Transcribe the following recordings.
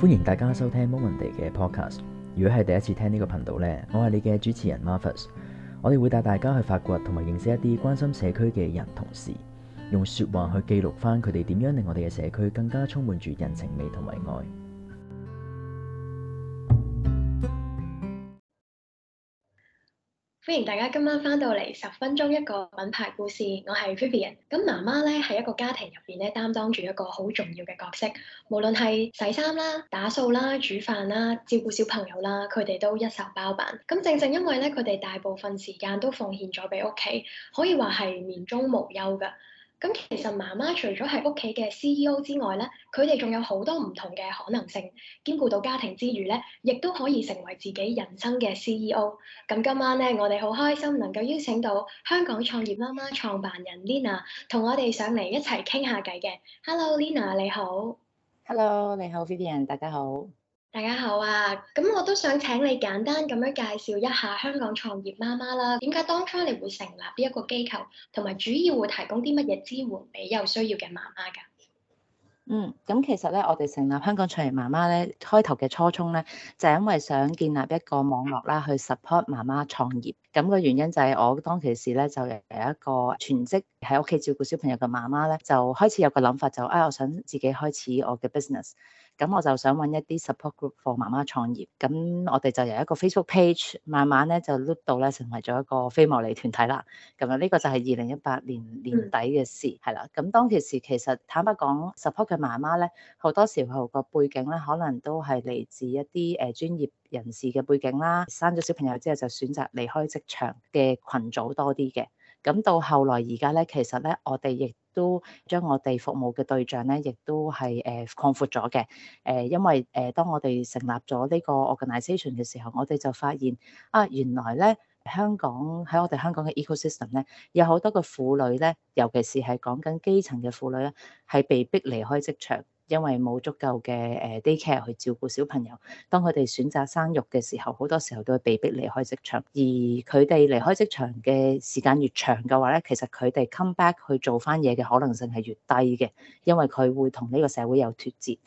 歡迎大家收聽 Momenday 嘅 podcast。如果係第一次聽呢個頻道呢，我係你嘅主持人 Marvis。我哋會帶大家去發掘同埋認識一啲關心社區嘅人，同時，用說話去記錄翻佢哋點樣令我哋嘅社區更加充滿住人情味同埋愛。歡迎大家今晚翻到嚟十分鐘一個品牌故事，我係 Vivian。咁媽媽咧喺一個家庭入邊咧擔當住一個好重要嘅角色，無論係洗衫啦、打掃啦、煮飯啦、照顧小朋友啦，佢哋都一手包辦。咁正正因為咧，佢哋大部分時間都奉獻咗俾屋企，可以話係年終無休㗎。咁其實媽媽除咗係屋企嘅 CEO 之外咧，佢哋仲有好多唔同嘅可能性，兼顧到家庭之餘咧，亦都可以成為自己人生嘅 CEO。咁今晚咧，我哋好開心能夠邀請到香港創業媽媽創辦人 Lena 同我哋上嚟一齊傾下偈嘅。Hello，Lena 你好。Hello，你好 Vivian，大家好。大家好啊，咁我都想請你簡單咁樣介紹一下香港創業媽媽啦。點解當初你會成立呢一個機構，同埋主要會提供啲乜嘢支援俾有需要嘅媽媽噶？嗯，咁其實咧，我哋成立香港創業媽媽咧，開頭嘅初衷咧，就係、是、因為想建立一個網絡啦，去 support 媽媽創業。咁、那個原因就係我當其時咧，就有一個全職喺屋企照顧小朋友嘅媽媽咧，就開始有個諗法，就啊、哎，我想自己開始我嘅 business。咁我就想揾一啲 support group for 媽媽創業，咁我哋就由一個 Facebook page 慢慢咧就 loop 到咧成為咗一個非牟利團體啦。咁啊，呢個就係二零一八年年底嘅事，係啦、嗯。咁當其時其實坦白講，support 嘅媽媽呢，好多時候個背景呢，可能都係嚟自一啲誒專業人士嘅背景啦。生咗小朋友之後就選擇離開職場嘅群組多啲嘅。咁到後來而家呢，其實呢，我哋亦～都將我哋服務嘅對象咧，亦都係誒、呃、擴闊咗嘅。誒、呃，因為誒、呃，當我哋成立咗呢個 organisation 嘅時候，我哋就發現啊，原來咧香港喺我哋香港嘅 ecosystem 咧，有好多個婦女咧，尤其是係講緊基層嘅婦女咧，係被逼離開職場。因為冇足夠嘅誒 daycare 去照顧小朋友，當佢哋選擇生育嘅時候，好多時候都會被逼離開職場。而佢哋離開職場嘅時間越長嘅話咧，其實佢哋 come back 去做翻嘢嘅可能性係越低嘅，因為佢會同呢個社會有脫節。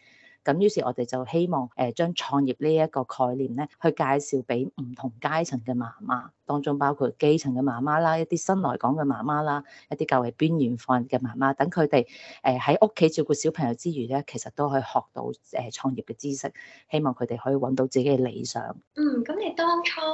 咁於是，我哋就希望誒將創業呢一個概念咧，去介紹俾唔同階層嘅媽媽，當中包括基層嘅媽媽啦，一啲新來港嘅媽媽啦，一啲較為邊緣化嘅媽媽，等佢哋誒喺屋企照顧小朋友之餘咧，其實都可以學到誒創業嘅知識。希望佢哋可以揾到自己嘅理想。嗯，咁你當初誒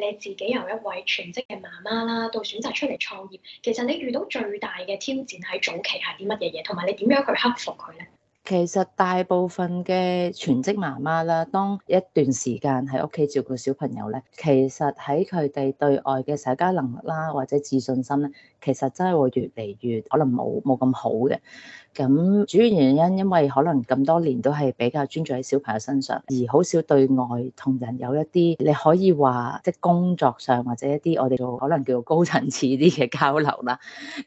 你自己由一位全職嘅媽媽啦，到選擇出嚟創業，其實你遇到最大嘅挑戰喺早期係啲乜嘢嘢？同埋你點樣去克服佢咧？其實大部分嘅全職媽媽啦，當一段時間喺屋企照顧小朋友咧，其實喺佢哋對外嘅社交能力啦，或者自信心咧，其實真係會越嚟越可能冇冇咁好嘅。咁主要原因因為可能咁多年都係比較專注喺小朋友身上，而好少對外同人有一啲你可以話即係工作上或者一啲我哋做可能叫高層次啲嘅交流啦。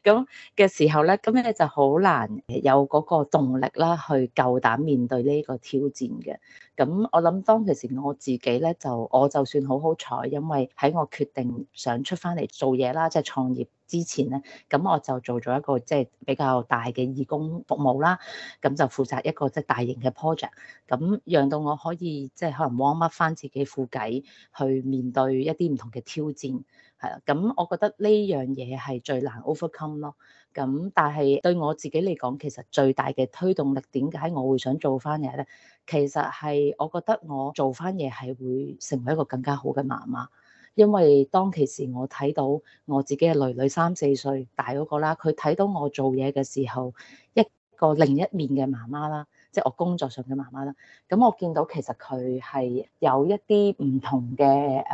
咁嘅時候咧，咁咧你就好難有嗰個動力啦。去夠膽面對呢個挑戰嘅，咁我諗當其時我自己呢，就我就算好好彩，因為喺我決定想出翻嚟做嘢啦，即係創業之前呢，咁我就做咗一個即係比較大嘅義工服務啦，咁就負責一個即係大型嘅 project，咁讓到我可以即係可能摸一摸翻自己褲計，去面對一啲唔同嘅挑戰，係啦，咁我覺得呢樣嘢係最難 overcome 咯。咁但係對我自己嚟講，其實最大嘅推動力點解我會想做翻嘢呢？其實係我覺得我做翻嘢係會成為一個更加好嘅媽媽，因為當其時我睇到我自己嘅囡囡三四歲大嗰個啦，佢睇到我做嘢嘅時候，一個另一面嘅媽媽啦，即係我工作上嘅媽媽啦。咁我見到其實佢係有一啲唔同嘅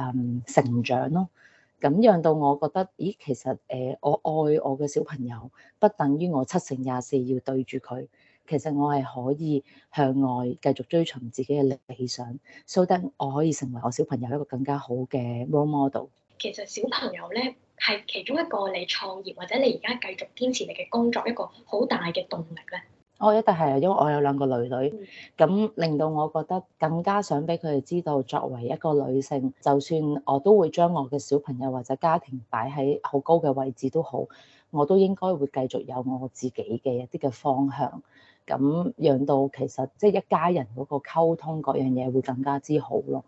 誒成長咯。咁樣到我覺得，咦，其實誒，我愛我嘅小朋友，不等於我七成廿四要對住佢。其實我係可以向外繼續追尋自己嘅理想，so that 我可以成為我小朋友一個更加好嘅 role model。其實小朋友咧，係其中一個你創業或者你而家繼續堅持你嘅工作一個好大嘅動力咧。我、哦、一定係，因為我有兩個女女，咁令到我覺得更加想俾佢哋知道，作為一個女性，就算我都會將我嘅小朋友或者家庭擺喺好高嘅位置都好，我都應該會繼續有我自己嘅一啲嘅方向，咁讓到其實即係一家人嗰個溝通各樣嘢會更加之好咯。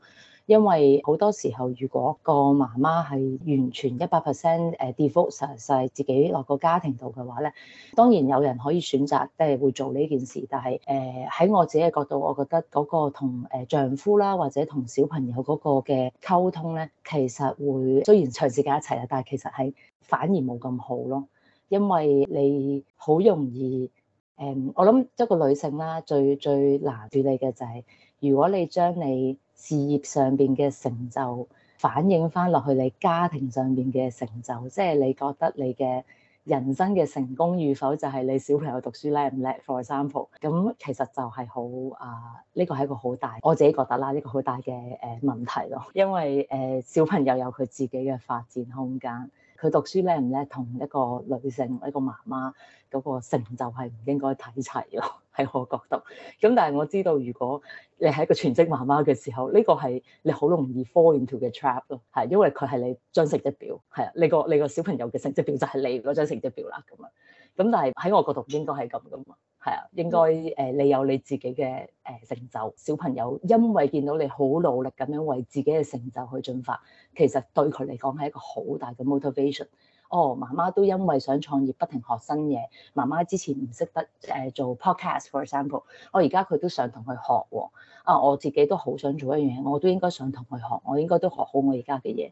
因為好多時候，如果個媽媽係完全一百 percent 誒 defer 晒自己落個家庭度嘅話咧，當然有人可以選擇即係會做呢件事，但係誒喺我自己嘅角度，我覺得嗰個同誒丈夫啦，或者同小朋友嗰個嘅溝通咧，其實會雖然長時間一齊啦，但係其實係反而冇咁好咯，因為你好容易誒、呃，我諗一個女性啦，最最難處理嘅就係、是、如果你將你事業上邊嘅成就反映翻落去你家庭上邊嘅成就，即係你覺得你嘅人生嘅成功與否，就係你小朋友讀書叻唔叻，For example，咁其實就係好啊，呢個係一個好大，我自己覺得啦，一個好大嘅誒問題咯，因為誒小朋友有佢自己嘅發展空間。佢讀書叻唔叻，同一個女性一個媽媽嗰個成就係唔應該睇齊咯，喺我角度，咁但係我知道，如果你係一個全職媽媽嘅時候，呢個係你好容易 fall into 嘅 trap 咯，係因為佢係你張成績表，係啊，你個你個小朋友嘅成績表就係你嗰張成績表啦，咁啊。咁但係喺我角度應該係咁噶嘛。係啊，應該你有你自己嘅誒成就。小朋友因為見到你好努力咁樣為自己嘅成就去進發，其實對佢嚟講係一個好大嘅 motivation。哦，媽媽都因為想創業，不停學新嘢。媽媽之前唔識得誒做 podcast，for example，哦，我而家佢都想同佢學喎。啊，我自己都好想做一樣嘢，我都應該想同佢學。我應該都學好我而家嘅嘢。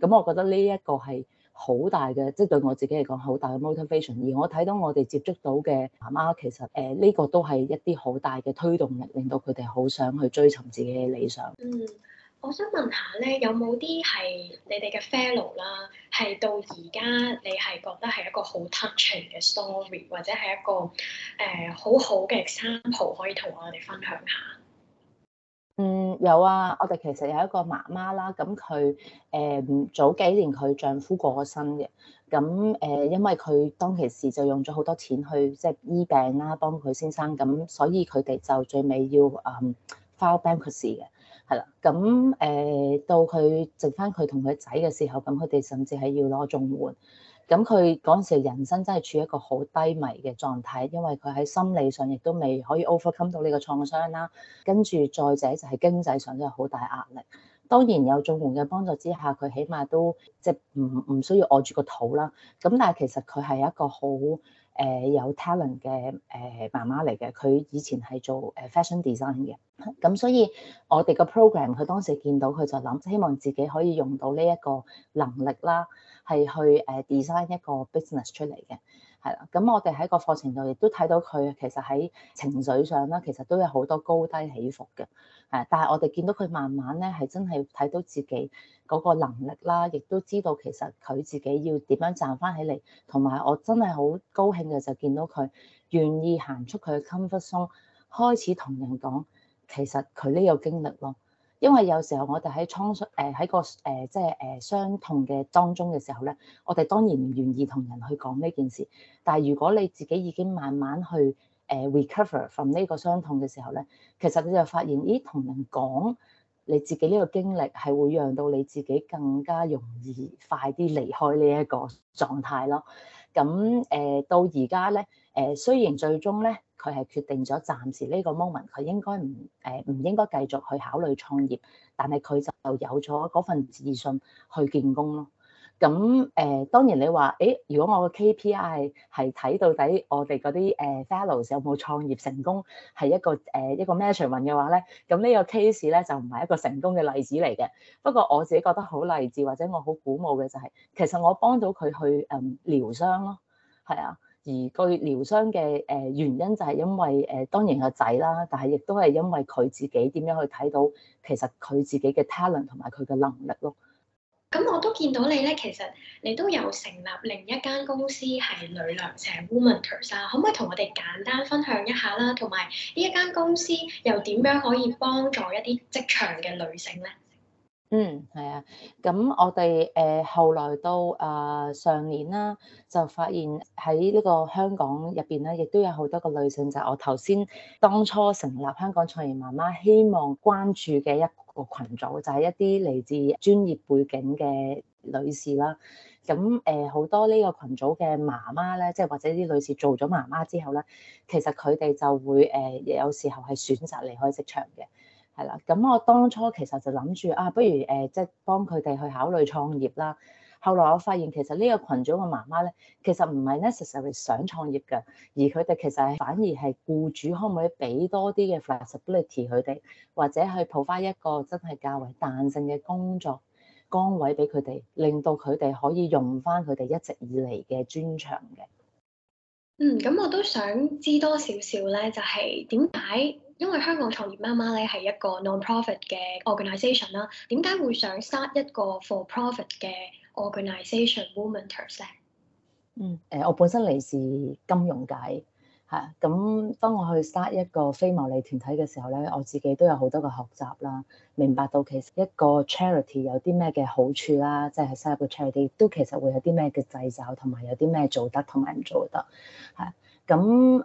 咁，嗯，我覺得呢一個係。好大嘅，即係對我自己嚟講，好大嘅 motivation。而我睇到我哋接觸到嘅媽媽，其實誒呢個都係一啲好大嘅推動力，令到佢哋好想去追尋自己嘅理想。嗯，我想問下咧，有冇啲係你哋嘅 fellow 啦，係到而家你係覺得係一個好 touching 嘅 story，或者係一個誒、呃、好好嘅 example 可以同我哋分享下？嗯，有啊，我哋其實有一個媽媽啦，咁佢誒早幾年佢丈夫過咗身嘅，咁誒、呃、因為佢當其時就用咗好多錢去即係醫病啦、啊，幫佢先生，咁所以佢哋就最尾要誒、嗯、file bankruptcy 嘅，係啦，咁誒、呃、到佢剩翻佢同佢仔嘅時候，咁佢哋甚至係要攞綜援。咁佢嗰陣時人生真係處於一個好低迷嘅狀態，因為佢喺心理上亦都未可以 overcome 到呢個創傷啦，跟住再者就係經濟上都有好大壓力。當然有綜援嘅幫助之下，佢起碼都即係唔唔需要餓住個肚啦。咁但係其實佢係一個好誒有 talent 嘅誒媽媽嚟嘅。佢以前係做誒 fashion design 嘅。咁所以我哋個 program，佢當時見到佢就諗，希望自己可以用到呢一個能力啦，係去誒 design 一個 business 出嚟嘅。係啦，咁我哋喺個課程度亦都睇到佢其實喺情緒上咧，其實都有好多高低起伏嘅，係，但係我哋見到佢慢慢咧係真係睇到自己嗰個能力啦，亦都知道其實佢自己要點樣站翻起嚟，同埋我真係好高興嘅就見到佢願意行出佢嘅 comfort zone，開始同人講其實佢呢個經歷咯。因為有時候我哋喺創傷誒喺個誒、呃、即係誒、呃、傷痛嘅當中嘅時候咧，我哋當然唔願意同人去講呢件事。但係如果你自己已經慢慢去誒 recover from 呢個傷痛嘅時候咧，其實你就發現咦同人講你自己呢個經歷係會讓到你自己更加容易快啲離開呢一個狀態咯。咁誒、呃、到而家咧。誒雖然最終咧，佢係決定咗暫時呢個 moment，佢應該唔誒唔應該繼續去考慮創業，但係佢就有咗嗰份自信去建功咯。咁誒、呃、當然你話誒，如果我個 KPI 係睇到底我哋嗰啲誒 fellows 有冇創業成功係一個誒、呃、一個 measurement 嘅話咧，咁呢個 case 咧就唔係一個成功嘅例子嚟嘅。不過我自己覺得好勵志或者我好鼓舞嘅就係、是，其實我幫到佢去誒療傷咯，係、嗯、啊。而佢療傷嘅誒原因就係因為誒當然個仔啦，但係亦都係因為佢自己點樣去睇到其實佢自己嘅 talent 同埋佢嘅能力咯。咁我都見到你咧，其實你都有成立另一間公司係女糧社 Womenters 啦，ters，可唔可以同我哋簡單分享一下啦？同埋呢一間公司又點樣可以幫助一啲職場嘅女性咧？嗯，係啊，咁我哋誒、呃、後來到啊、呃、上年啦，就發現喺呢個香港入邊咧，亦都有好多個女性，就係、我頭先當初成立香港創業媽媽，希望關注嘅一個群組，就係、係、一啲嚟自專業背景嘅女士啦。咁誒好多呢個群組嘅媽媽咧，即係或者啲女士做咗媽媽之後咧，其實佢哋就會誒、呃，有時候係選擇離開職場嘅。係啦，咁、嗯、我當初其實就諗住啊，不如誒，即、呃、係、就係、幫佢哋去考慮創業啦。後來我發現其實呢個群組嘅媽媽咧，其實唔係 necessarily 想創業嘅，而佢哋其實係反而係僱主可唔可以俾多啲嘅 flexibility 佢哋，或者去抱翻一個真係較為彈性嘅工作崗位俾佢哋，令到佢哋可以用翻佢哋一直以嚟嘅專長嘅。嗯，咁我都想知多少少咧，就係點解？因為香港創業媽媽咧係一個 non-profit 嘅 organisation 啦，點解會想 start 一個 for-profit 嘅 organisation womaner 咧？嗯，誒，我本身嚟自金融界，嚇咁當我去 start 一個非牟利團體嘅時候咧，我自己都有好多嘅學習啦，明白到其實一個 charity 有啲咩嘅好處啦，即係成立個 charity 都其實會有啲咩嘅掣肘，同埋有啲咩做得同埋唔做得，嚇咁。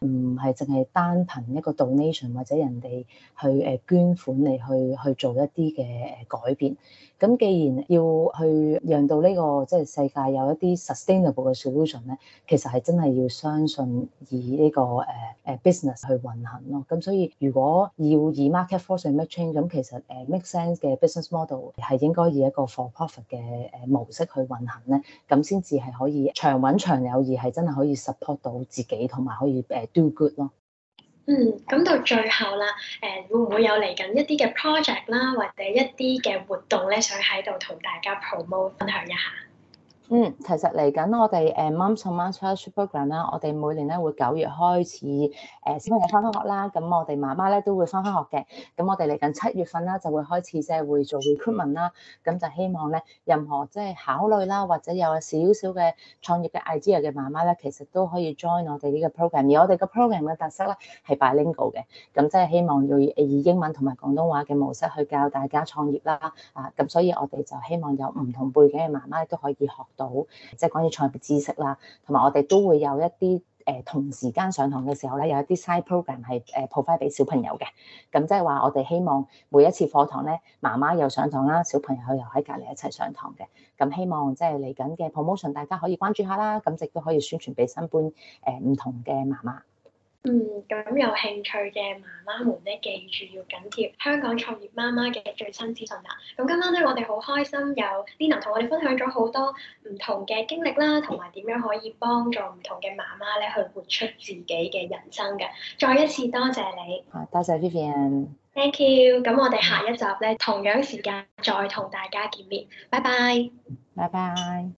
唔係淨係單憑一個 donation 或者人哋去誒捐款嚟去去做一啲嘅誒改變。咁既然要去讓到呢個即係世界有一啲 sustainable 嘅 solution 咧，其實係真係要相信以呢個誒誒 business 去運行咯。咁所以如果要以 market force 去 make change 咁其實誒 make sense 嘅 business model 係應該以一個 for profit 嘅誒模式去運行咧，咁先至係可以長穩長有而係真係可以 support 到自己同埋可以誒。do good 咯。嗯，咁到最後啦，誒，會唔會有嚟緊一啲嘅 project 啦，或者一啲嘅活動咧，想喺度同大家 promote 分享一下？嗯，其實嚟緊我哋誒 Mums 同 Momtrepreneur Program 啦，我哋每年咧會九月開始誒小朋友返返學啦，咁我哋媽媽咧都會返返學嘅。咁我哋嚟緊七月份啦就會開始即係會做 recruitment 啦，咁就希望咧任何即係考慮啦或者有少少嘅創業嘅 idea 嘅媽媽咧，其實都可以 join 我哋呢個 program。而我哋個 program 嘅特色咧係 bilingual 嘅，咁即係希望要以英文同埋廣東話嘅模式去教大家創業啦，啊，咁所以我哋就希望有唔同背景嘅媽媽都可以學。到即係關於菜嘅知識啦，同埋我哋都會有一啲誒同時間上堂嘅時候咧，有一啲 side program 係誒 provide 俾小朋友嘅。咁即係話我哋希望每一次課堂咧，媽媽又上堂啦，小朋友又喺隔籬一齊上堂嘅。咁希望即係嚟緊嘅 promotion，大家可以關注下啦。咁亦都可以宣傳俾新搬誒唔同嘅媽媽。嗯，咁有興趣嘅媽媽們咧，記住要緊貼香港創業媽媽嘅最新資訊啦。咁今晚咧，我哋好開心有 Lena 同我哋分享咗好多唔同嘅經歷啦，同埋點樣可以幫助唔同嘅媽媽咧去活出自己嘅人生嘅。再一次多謝，謝你，多謝，謝 Vivian。Thank you。咁我哋下一集咧，同樣時間再同大家見面。拜拜。拜拜。